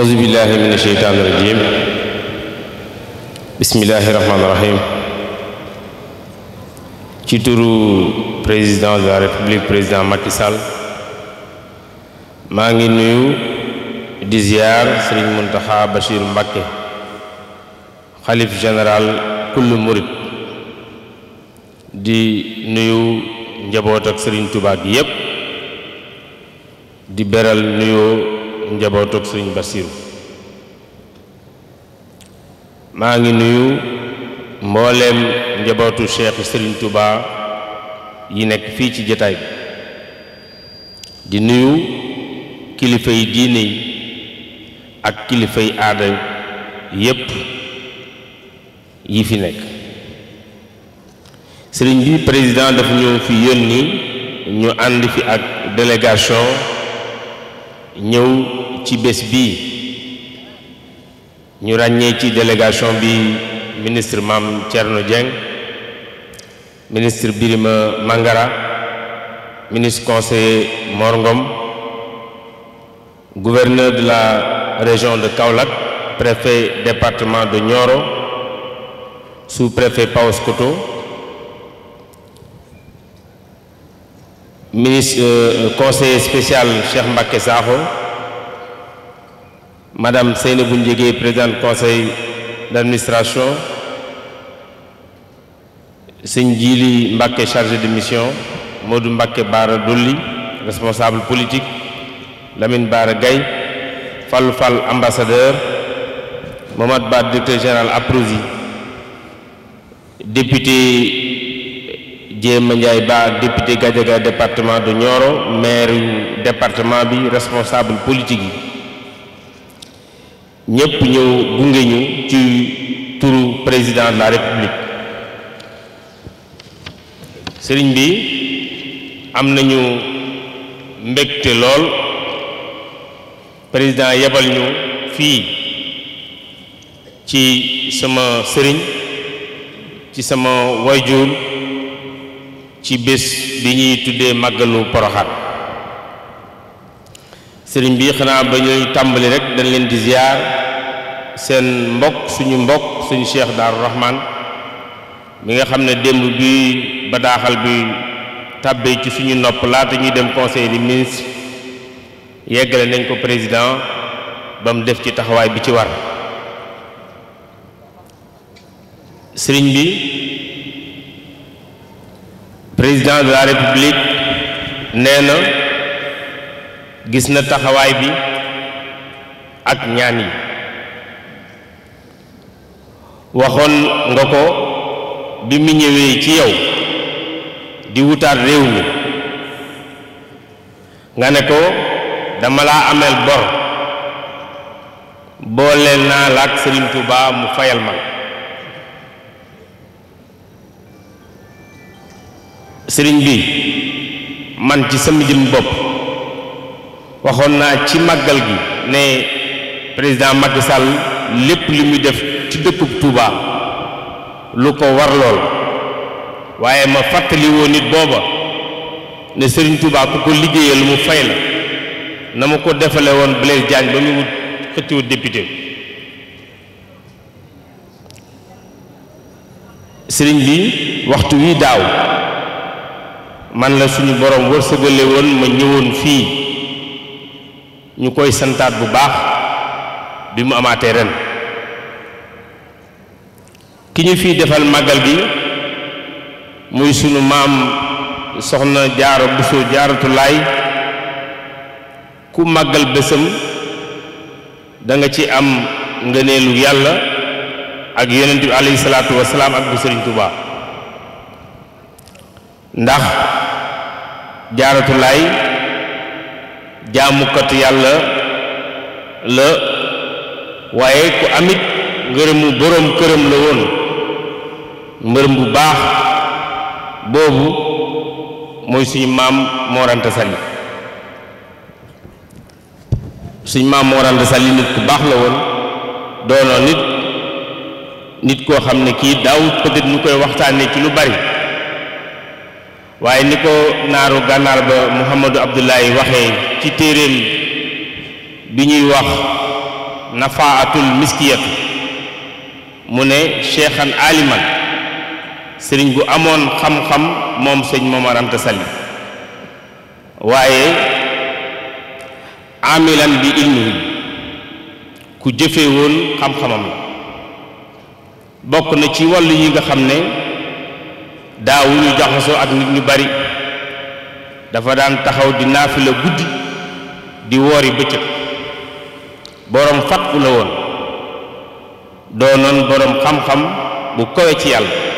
أعوذ بالله من الشيطان الرجيم بسم الله الرحمن ci turu président de la république président Macky Sall maa ngi nuyu di ziar Serigne Mountakha Bachir xalif général kullu murid di nuyu njaboot ak Serigne Touba yépp di beral nuyoo njabootug sëriñ Basiru maa ngi nuyu mboolem njabootu Cheikh Sëriñ Touba yi nekk fii ci jataay bi di nuyu kilifa diine yi ak kilifay yi aada yépp yi fi nekk sëriñ bi président dafa ñëw fi yónni ñu ànd fi ak délégation ñëw ci bés bii ñu ràññee ci délégation bi ministre Mame Thierno ministre Birima Mangara ministre conseiller Mor Ngom gouverneur de la région de Kaolack préfet département de Nioro sous-préfet Paoskoto ministre euh, spécial Cheikh Mbacké Sakho Madame Seynabou Ndiégué présidente conseil d'administration sëñ Jili Mbacké chargé de mission Modou Mbacké Bara Dolli responsable politique Lamine Bara Gaye Fallou Fall ambassadeur Mamad Ba directeur général Aprosi député Jéema Ndiaye Ba ak député Gadiaga département de Nioro maire département bi responsable politique yi ñépp ñëw gunge ñu ci turu président de la république sëriñ bi am nañu mbégte lool président yebal ñu fii ci sama sëriñ ci sama wayjur ci bés bi ñuy tuddee màggalu Poroxaan sëriñ bi xanaa ba ñuy tàmbali rek dañ leen di seen mbokk suñu mbokk suñu cheikh daaru rahman mi nga xam ne démb bi badaaxal bi tàbbee ci suñu nopp laata ñuy dem conseil des ministres yeggale nañ ko président ba mu def ci taxawaay bi ci war sëriñ bi président de la république nee na gis na taxawaay bi ak ñaan yi waxoon nga ko bi mu ñëwee ci yow di wutaat réew mi nga ne ko dama la ameel bor booleel naa laak Sëriñ Tuubaa mu fayal ma sëriñ bi man ci sama jëm bopp waxoon naa ci màggal gi ne président Macky Sall lépp li muy def ci dëkkub Touba lu ko war waaye ma fàttali woo nit booba ne sëriñ Touba ku ko liggéeyal mu fay la na ma ko defale woon Blaise Diagne ba mu wut xëcciwut député sëriñ bi waxtu wi daaw man la suñu borom wërsëgale woon ma ñëwoon fii ñu koy santaat bu baax bi mu amaatee ren ki ñu fii defal màggal gi muy sunu maam soxna jaara buso jaaratu laay ku màggal bésam danga ci am ngëneelu yàlla ak yonent bi alayhi salaatu wasalaam ak bu sëriñ Tuubaa ndax jaaratu laay jaamukat yàlla la waaye ku amit ngërëmu boroom këram la woon mbërëm bu baax boobu mooy suñu maam Mor Anta Sali suñu maam Mor Anta Sali nit ku baax la woon doonoon nit nit koo xam ne kii daaw peut ñu koy waxtaane ci lu bari waaye ni ko naaru gànnaar ba Mouhamadou Abdoulaye waxee ci téeréem bi ñuy wax nafaatul miskiyatu mu ne cheikhan aliman sëriñ bu amoon xam-xam moom sëñ Momar Anta Sali waaye amilan bi ilmihi ku jëfe woon xam-xamam la bokk na ci wàllu yi nga xam ne daawuñu jaxasoo ak nit ñu bari dafa daan taxaw di naafila guddi di woori bëccëg boroom fatku la woon doonoon boroom xam-xam bu kowe ci yàlla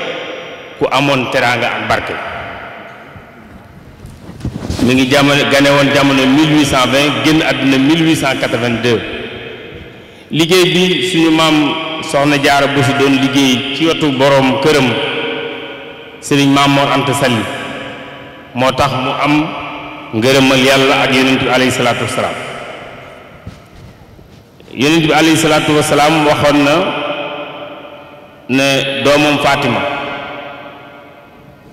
ku amoon teraanga ak barke mi ngi jamono gane woon jamono 1820 génn àdduna 1882 liggéey bi suñu maam soxna jaara bu si doon liggéey ci wetu boroom këram sëriñ maam Mor Anta moo tax mu am ngërëmal yàlla ak yonent bi alayhi salaatu wasalaam yonent bi alayhi salaatu wasalaam waxoon na ne doomam Fatima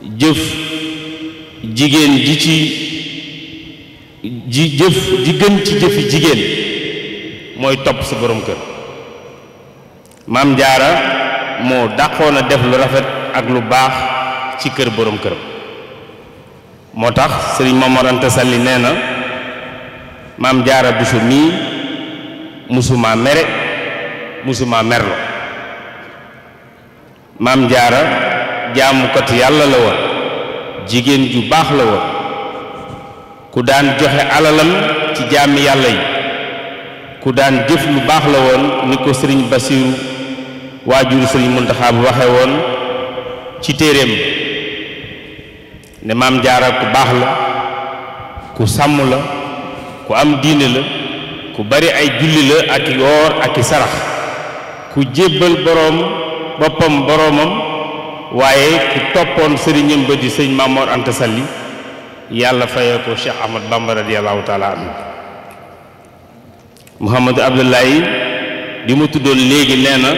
jëf jigéen ji ci ji jëf ji gën ci jëfi jigéen mooy topp sa boroom kër maam jaara moo dàqoon def lu rafet ak lu baax ci kër boroom këram moo tax sëriñ Momar Anta Sali nee na maam jaara bu su mii musuma mere musuma merlo maam jaara jaamukat yàlla la woon jigéen ju baax la woon ku daan joxe alalam ci jaami yàlla yi ku daan jëf lu baax la woon ni ko sëriñ Basiiru waajur sëriñ Muntaxa bu waxe woon ci téeréem ne maam jaara ku baax la ku sàmm la ku am diine la ku bari ay julli la ak yoor ak i sarax ku jébbal boppam boroomam waaye ku toppoon sëriñam bët yi sëñ Mamoor Anta Sali yàlla fayee ko Cheikh Ahmad Bamba radiyallahu taala anhu Mouhamadou Abdoulaye di mu tuddoon léegi nee na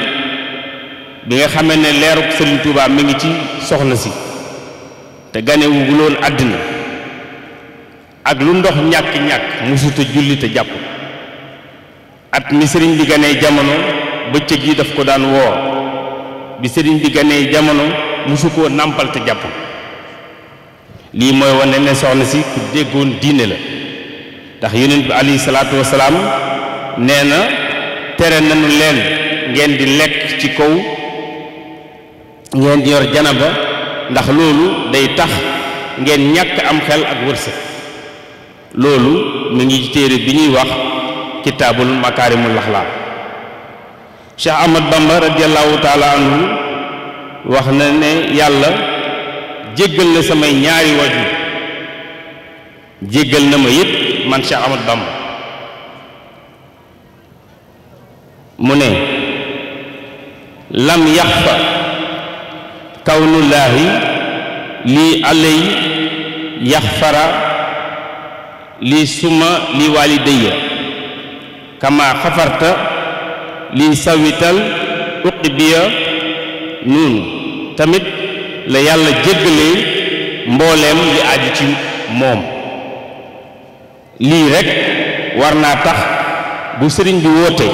bi nga xamee ne leeruk Sëriñ Tuubaa mi ngi ci soxna si te ganewu bu loon àddina ak lu ndox ñàkk-ñàkk musuta julli te jàpp at mi sëriñ bi ganee jamono bëccëg yi daf ko daan woor bi sëriñ bi ganee jamono musu koo nàmpal te jàpp lii mooy wane ne soxna si ku déggoon diine la ndax yonent bi alayhi salaatu wasalaam nee na tere nañu leen ngeen di lekk ci kaw ngeen di yor janaba ndax loolu day tax ngeen ñàkk am xel ak wërsëg loolu mu ngi téere bi ñuy wax kitaabul makaarimul laxlaam Cheikh Ahmad Bamba radiallahu taala wax na ne yàlla jéggal na samay ñaari waju jéggal na ma yépp man Cheikh Ahmad Bamba mu ne lam yaxfa kawnullaahi lii alay yaxfara li suma lii waalidayya kama xafarta lii sawital uqbiya noonu tamit la yàlla jéggalee mbooleem li aju ci moom lii rekk war naa tax bu sëriñ bi woote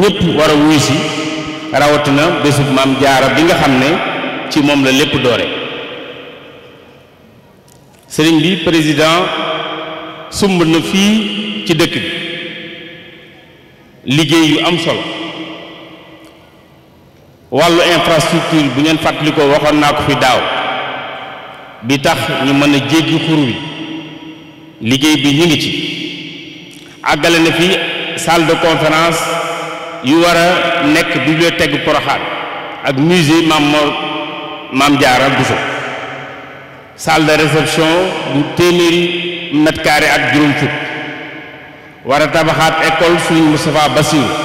ñépp war a wuy si rawatina bésub maam jaara bi nga xam ne ci moom la lépp doore sëriñ bi président sumb na fii ci dëkk bi liggéey yu am solo wàllu infrastructure bu ngeen fàttali ko waxoon naa ko fi daaw bi tax ñu mën a jéggi xur wi liggéey bi ñu ngi ci àggale na fi salle de conférence yu war a nekk bibliothèque Porokhane ak musée Mame Mor Mame Diarra Bousso salle de réception bu téeméeri mètre carré ak juróom fukk war a tabaxaat école Serigne Moustapha Bassirou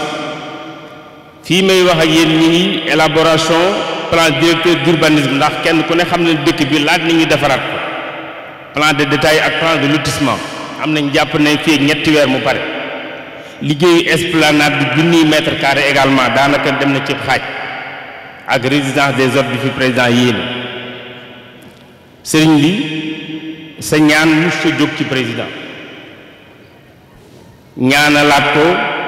fii may wax ak yéen ñi ngi élaboration plan directeur d'urbanisme ndax kenn ku ne xam ne dëkk bi laaj na ñu defaraat ko plan de détail ak plan de lotissement am nañ jàpp ne fii ñetti weer mu pare liggéeyu esplanade bi junniy mètre carré également daanaka dem na ci xaaj ak résidence des hôtes bi fi président yéene sëriñ bi sa ñaan mus sa jóg ci président ñaanalaat ko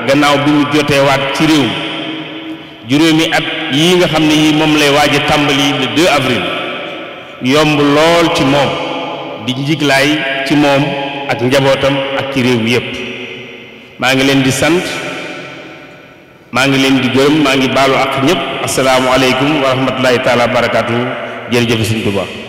gannaaw bi mu jotee waat ci réew juróomi at yii nga xam ne yii moom lay waaj a tàmbali le 2 avril yomb lool ci moom di njiglaay ci moom ak njabootam ak ci réew mi yépp maa ngi leen di sant maa ngi leen di gërëm maa ngi baalu ak ñëpp asalaamualeykum wa rahmatulahi taala wa barakaatu jërëjëf Sëñ